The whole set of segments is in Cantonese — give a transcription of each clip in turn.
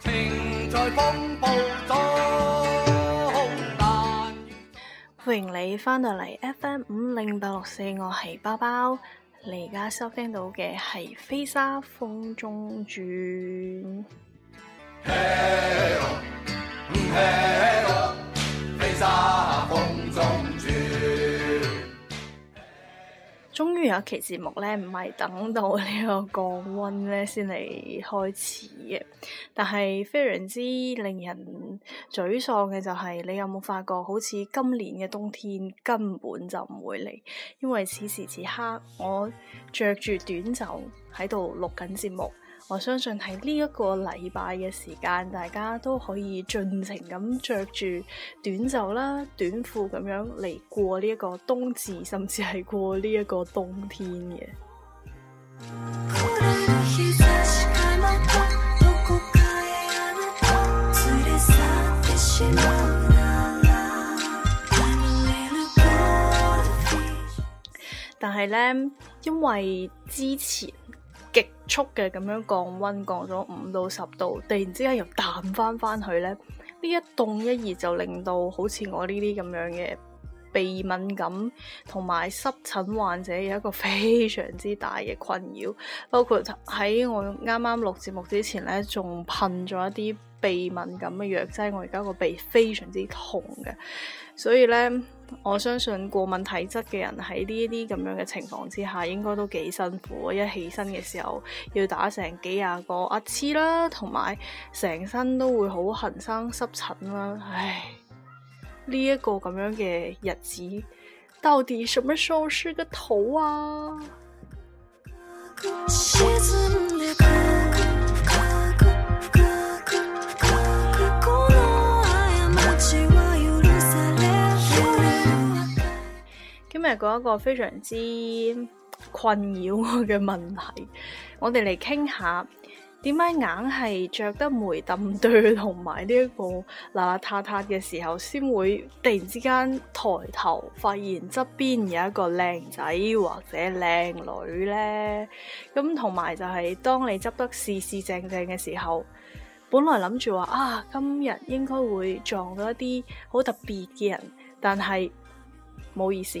情在風暴中，歡迎你翻到嚟 FM 五零八六四，64，我係包包，你而家收聽到嘅係《飛沙風中轉》。終於有期節目咧，唔係等到個呢個降溫咧先嚟開始嘅，但係非常之令人沮喪嘅就係、是，你有冇發覺好似今年嘅冬天根本就唔會嚟？因為此時此刻我着住短袖喺度錄緊節目。我相信喺呢一個禮拜嘅時間，大家都可以盡情咁着住短袖啦、短褲咁樣嚟過呢一個冬至，甚至係過呢一個冬天嘅。但係呢，因為之前。極速嘅咁樣降溫，降咗五到十度，突然之間又彈翻翻去呢。呢一凍一熱就令到好似我呢啲咁樣嘅鼻敏感同埋濕疹患者有一個非常之大嘅困擾。包括喺我啱啱錄節目之前呢，仲噴咗一啲鼻敏感嘅藥劑，我而家個鼻非常之痛嘅，所以呢。我相信過敏體質嘅人喺呢一啲咁樣嘅情況之下，應該都幾辛苦。一起身嘅時候要打成幾廿個阿嚏啦，同埋成身都會好痕生濕疹啦。唉，呢一個咁樣嘅日子，到底什麼時候是個頭啊？係嗰一個非常之困擾我嘅問題，我哋嚟傾下點解硬係着得霉，淡對，同埋呢一個邋邋遢遢嘅時候，先會突然之間抬頭發現側邊有一個靚仔或者靚女呢？咁同埋就係當你執得四四正正嘅時候，本來諗住話啊，今日應該會撞到一啲好特別嘅人，但係冇意思。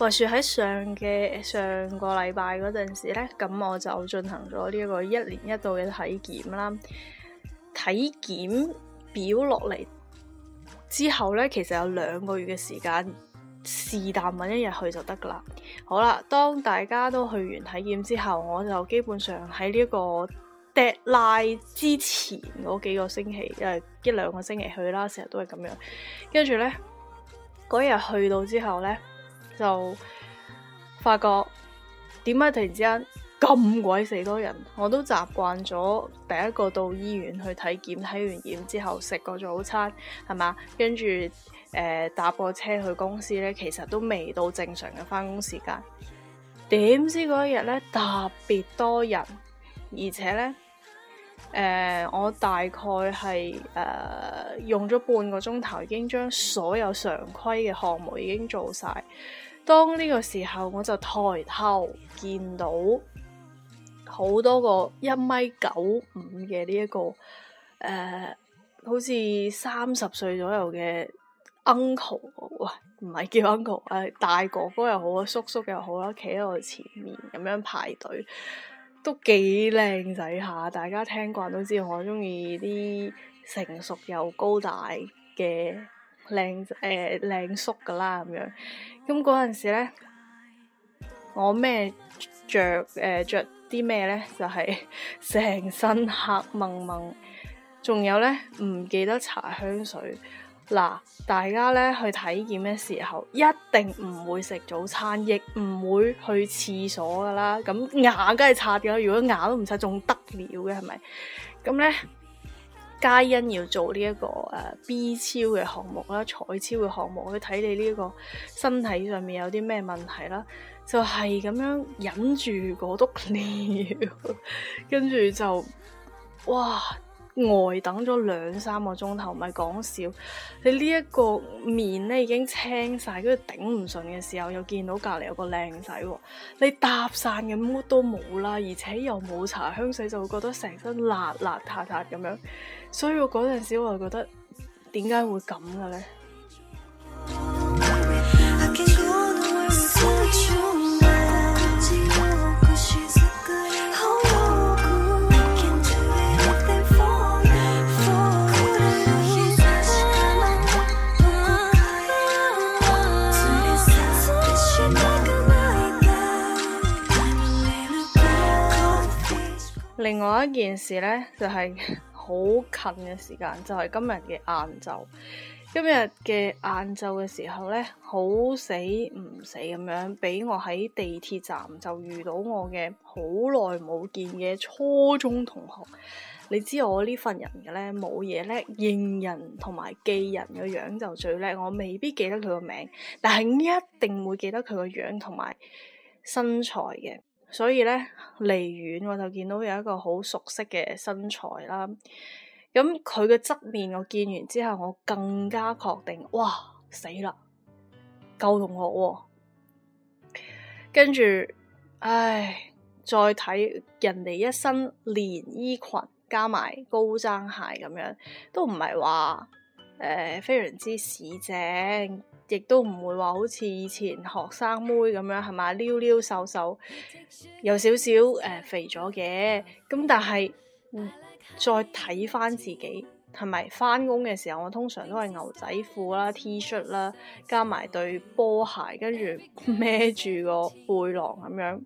話説喺上嘅上個禮拜嗰陣時呢，咁我就進行咗呢個一年一度嘅體檢啦。體檢表落嚟之後呢，其實有兩個月嘅時間是但揾一日去就得噶啦。好啦，當大家都去完體檢之後，我就基本上喺呢個 Deadline 之前嗰幾個星期，因一兩個星期去啦，成日都係咁樣。跟住呢嗰日去到之後呢。就發覺點解突然之間咁鬼死多人？我都習慣咗第一個到醫院去體檢，睇完檢之後食個早餐，係嘛，跟住誒搭個車去公司呢，其實都未到正常嘅返工時間。點知嗰一日呢，特別多人，而且呢，誒、呃、我大概係誒、呃、用咗半個鐘頭，已經將所有常規嘅項目已經做晒。當呢個時候，我就抬頭見到好多個一米九五嘅呢一個誒、呃，好似三十歲左右嘅 uncle，哇，唔係叫 uncle，誒、啊、大哥哥又好啊，叔叔又好啦，企喺我前面咁樣排隊，都幾靚仔下。大家聽慣都知，我鍾意啲成熟又高大嘅。靚誒靚叔噶啦咁樣，咁嗰陣時咧，我咩着誒着啲咩咧？就係、是、成身黑蒙蒙，仲有咧唔記得搽香水。嗱，大家咧去體檢嘅時候，一定唔會食早餐，亦唔會去廁所噶啦。咁牙梗係刷噶啦，如果牙都唔刷，仲得了嘅係咪？咁咧。皆因要做呢、這、一個誒、uh, B 超嘅項目啦，彩超嘅項目去睇你呢個身體上面有啲咩問題啦，就係、是、咁樣忍住嗰督尿， 跟住就，哇！呆等咗兩三個鐘頭，唔係講笑。你呢一個面咧已經青晒，跟住頂唔順嘅時候，又見到隔籬有個靚仔喎。你搭訕嘅乜都冇啦，而且又冇搽香水，就會覺得成身邋邋遢遢咁樣。所以我嗰陣時我就覺得，點解會咁嘅呢？另外一件事呢，就係好近嘅時間，就係今日嘅晏晝。今日嘅晏晝嘅時候呢，好死唔死咁樣，俾我喺地鐵站就遇到我嘅好耐冇見嘅初中同學。你知我呢份人嘅呢，冇嘢叻，認人同埋記人嘅樣就最叻。我未必記得佢個名，但係一定會記得佢個樣同埋身材嘅。所以咧，離遠我就見到有一個好熟悉嘅身材啦。咁佢嘅側面我見完之後，我更加確定，哇，死啦，舊同學喎，啊。跟住，唉，再睇人哋一身連衣裙加埋高踭鞋咁樣，都唔係話誒非常之市井。亦都唔會話好似以前學生妹咁樣係嘛，溜溜瘦瘦瘦有少少誒肥咗嘅。咁但係、嗯、再睇翻自己係咪翻工嘅時候，我通常都係牛仔褲啦、T-shirt 啦，加埋對波鞋，跟住孭住個背囊咁樣。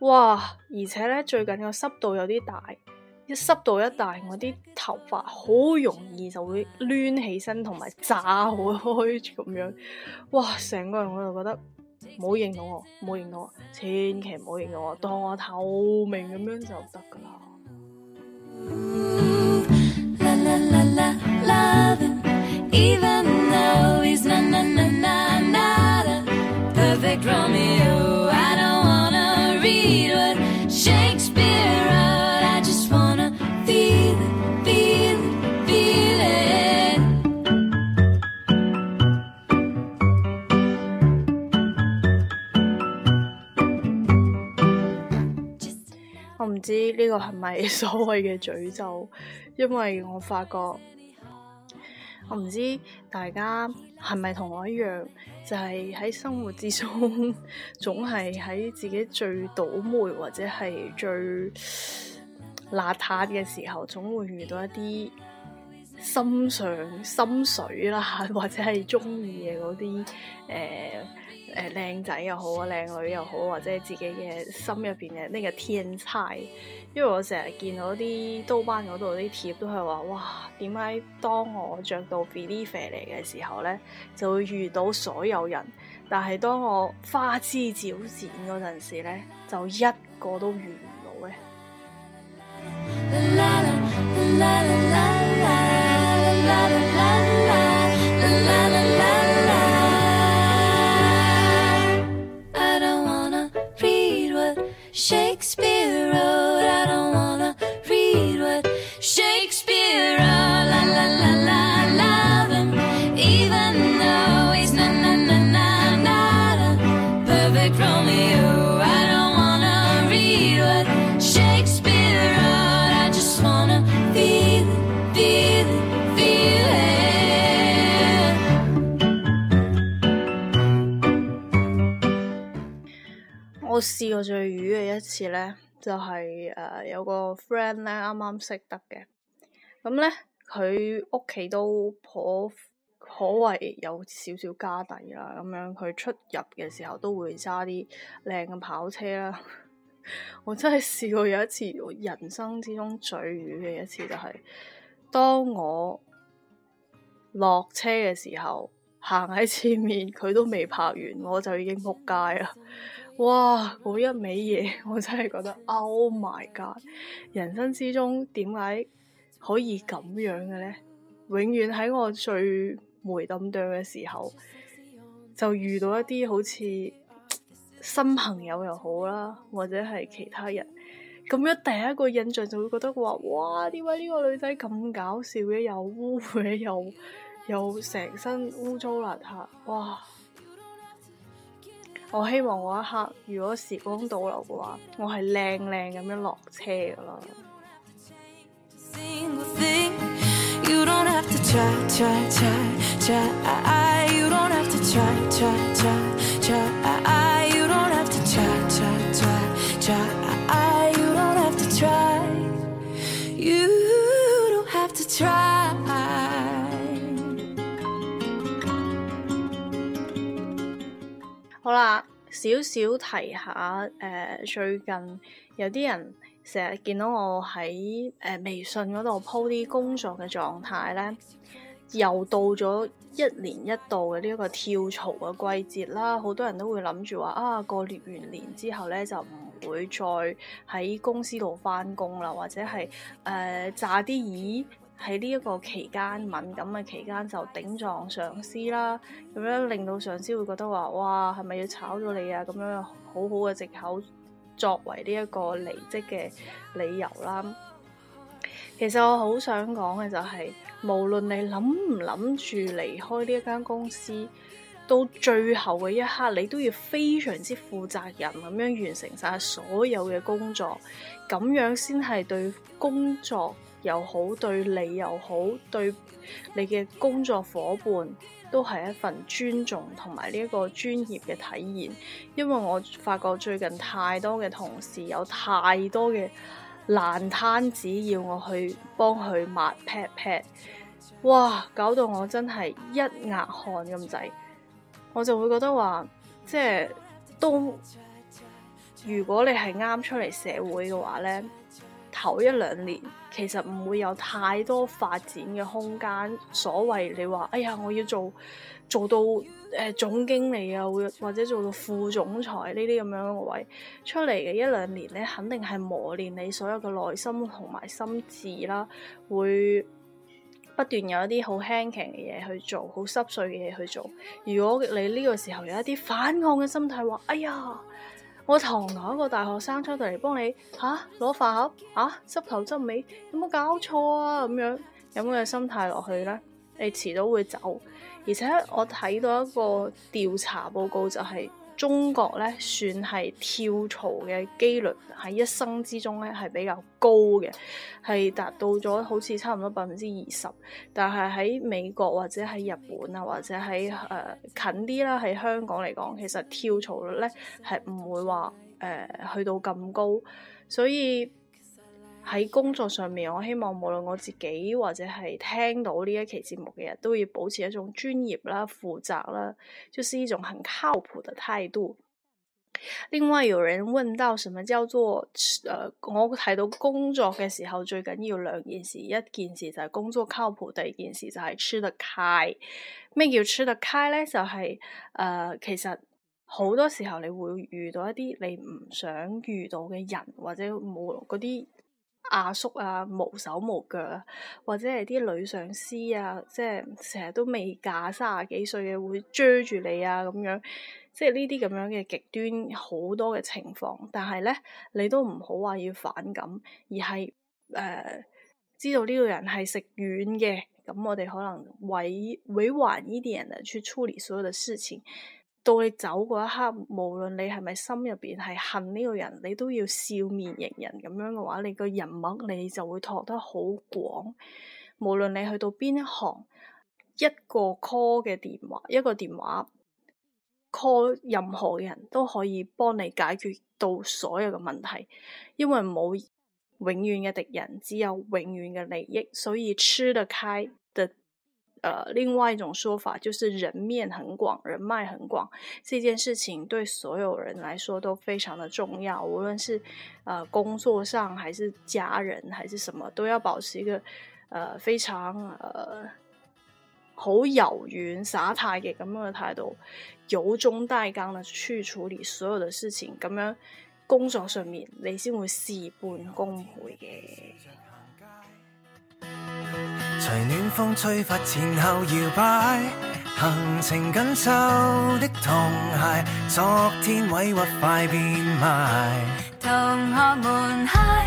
哇！而且咧最近個濕度有啲大。一濕度一大，我啲頭髮好容易就會攣起身，同埋炸開咁 樣。哇！成個人我就覺得，唔好認到我，唔好認到我，千祈唔好認到我，當我透明咁樣就得㗎啦。 我唔知呢個係咪所謂嘅詛咒，因為我發覺我唔知大家係咪同我一樣，就係喺生活之中總係喺自己最倒霉或者係最邋遢嘅時候，總會遇到一啲心上心水啦，或者係中意嘅嗰啲誒。呃誒靚仔又好啊，靚女又好，或者自己嘅心入邊嘅呢個天才。因為我成日見到啲刀班嗰度啲貼都係話，哇！點解當我着到 believer 嚟嘅時候呢，就會遇到所有人，但係當我花枝招展嗰陣時咧，就一個都遇唔到呢。」 我試過最瘀嘅一次呢，就係、是、誒、呃、有個 friend 咧，啱啱識得嘅，咁呢，佢屋企都頗可謂有少少家底啦，咁樣佢出入嘅時候都會揸啲靚嘅跑車啦。 我真係試過有一次人生之中最瘀嘅一次、就是，就係當我落車嘅時候，行喺前面佢都未拍完，我就已經仆街啦。 哇！嗰一味嘢，我真係覺得 Oh my god！人生之中點解可以咁樣嘅咧？永遠喺我最霉抌對嘅時候，就遇到一啲好似新朋友又好啦，或者係其他人，咁樣第一個印象就會覺得話：哇！點解呢個女仔咁搞笑嘅？又污嘅，又又成身污糟邋遢，哇！我希望嗰一刻，如果時光倒流嘅話，我係靚靚咁樣落車㗎喇。 好啦，少少提下誒、呃，最近有啲人成日見到我喺誒、呃、微信嗰度鋪啲工作嘅狀態咧，又到咗一年一度嘅呢一個跳槽嘅季節啦，好多人都會諗住話啊，過完年之後咧就唔會再喺公司度返工啦，或者係誒炸啲耳。呃」喺呢一個期間敏感嘅期間就頂撞上司啦，咁樣令到上司會覺得話：哇，係咪要炒咗你啊？咁樣好好嘅藉口作為呢一個離職嘅理由啦。其實我好想講嘅就係，無論你諗唔諗住離開呢一間公司，到最後嘅一刻，你都要非常之負責任咁樣完成晒所有嘅工作，咁樣先係對工作又好，對你又好，對你嘅工作伙伴都係一份尊重同埋呢一個專業嘅體驗。因為我發覺最近太多嘅同事有太多嘅爛攤子要我去幫佢抹屁屁，哇！搞到我真係一額汗咁滯。我就會覺得話，即係都如果你係啱出嚟社會嘅話呢，頭一兩年其實唔會有太多發展嘅空間。所謂你話，哎呀，我要做做到誒、呃、總經理啊，會或者做到副總裁呢啲咁樣嘅位，出嚟嘅一兩年呢，肯定係磨練你所有嘅內心同埋心智啦，會。不斷有一啲好輕嘅嘢去做，好濕碎嘅嘢去做。如果你呢個時候有一啲反抗嘅心態，話：哎呀，我堂堂一個大學生出到嚟幫你吓攞飯盒，吓、啊、執頭執尾，有冇搞錯啊？咁樣有咁嘅心態落去呢？你遲早會走。而且我睇到一個調查報告就係。中國咧算係跳槽嘅機率喺一生之中咧係比較高嘅，係達到咗好似差唔多百分之二十。但係喺美國或者喺日本啊，或者喺誒、呃、近啲啦，喺香港嚟講，其實跳槽率咧係唔會話誒、呃、去到咁高，所以。喺工作上面，我希望無論我自己或者係聽到呢一期節目嘅人都要保持一種專業啦、負責啦，就是一種很靠譜嘅態度。另外有人問到什麼叫做，誒、呃、我睇到工作嘅時候最緊要兩件事，一件事就係工作靠譜，第二件事就係出得開。咩叫出得開咧？就係、是、誒、呃，其實好多時候你會遇到一啲你唔想遇到嘅人，或者冇嗰啲。阿叔啊，無手無腳啊，或者係啲女上司啊，即係成日都未嫁三十，三啊幾歲嘅會追住你啊咁樣，即係呢啲咁樣嘅極端好多嘅情況，但係咧你都唔好話要反感，而係誒、呃、知道呢個人係食軟嘅，咁我哋可能委委婉啲人的去處理所有嘅事情。到你走嗰一刻，無論你係咪心入邊係恨呢個人，你都要笑面迎人咁樣嘅話，你個人脈你就會拓得好廣。無論你去到邊一行，一個 call 嘅電話，一個電話 call 任何人都可以幫你解決到所有嘅問題，因為冇永遠嘅敵人，只有永遠嘅利益，所以吃得開。呃、另外一種說法就是人面很廣，人脈很廣，這件事情對所有人來說都非常的重要。無論是，誒、呃、工作上，還是家人，還是什麼，都要保持一個，誒、呃、非常誒好有緣灑態嘅咁樣嘅態度，由衷帶剛地去處理所有的事情，咁樣工作上面你先會事半功倍嘅。 隨暖風吹拂前後搖擺，行程緊收的童鞋，昨天委屈快變賣。同學們嗨，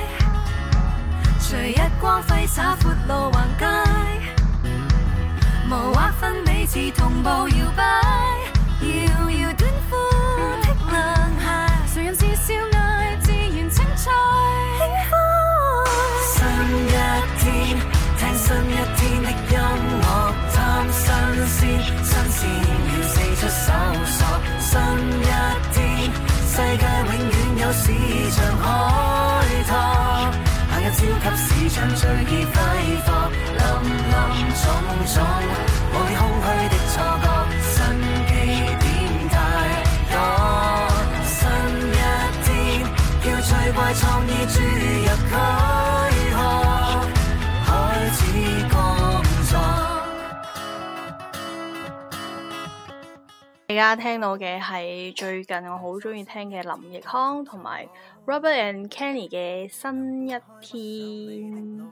隨日光揮灑闊路橫街，無劃分彼此同步搖擺。要要要四出搜索，新一天，世界永遠有市場開拓，行入超級市場隨意揮霍，林林總總，破空虛的錯覺，新機點太多，新一天，叫最怪創意注入佢。而家聽到嘅係最近我好中意聽嘅林奕匡同埋 Robert and Kenny 嘅新一篇《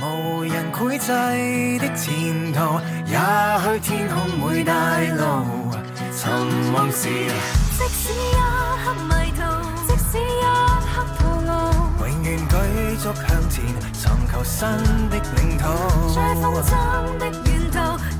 無人繪製的前途，也許天空會帶路，尋夢時即即使使一一刻刻迷途，即使一刻徒勞，永遠舉足向前，尋求新的領土。的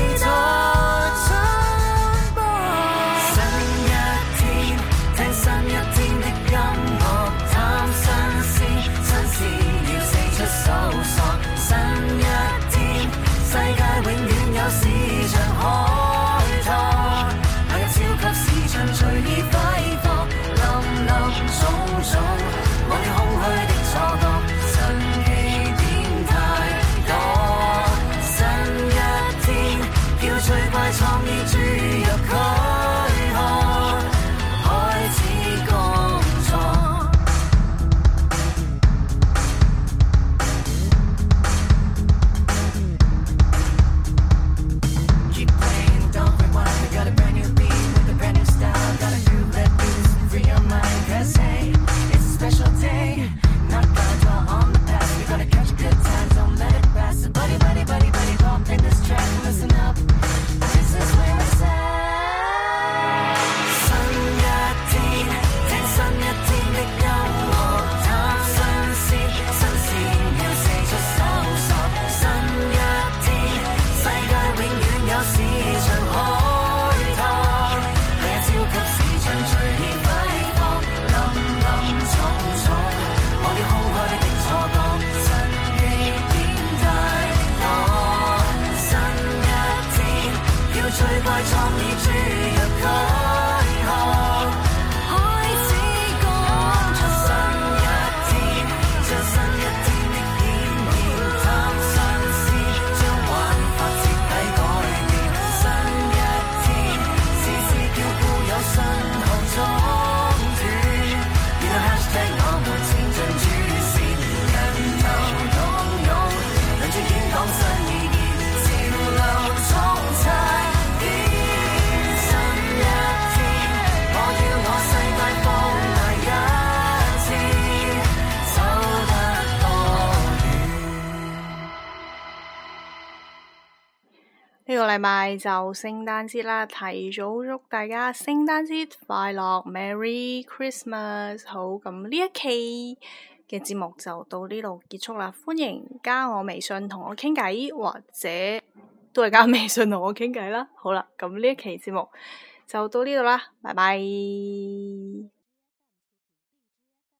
個禮拜就聖誕節啦，提早祝大家聖誕節快樂，Merry Christmas！好，咁呢一期嘅節目就到呢度結束啦。歡迎加我微信同我傾偈，或者都係加微信同我傾偈啦。好啦，咁呢一期節目就到呢度啦，拜拜。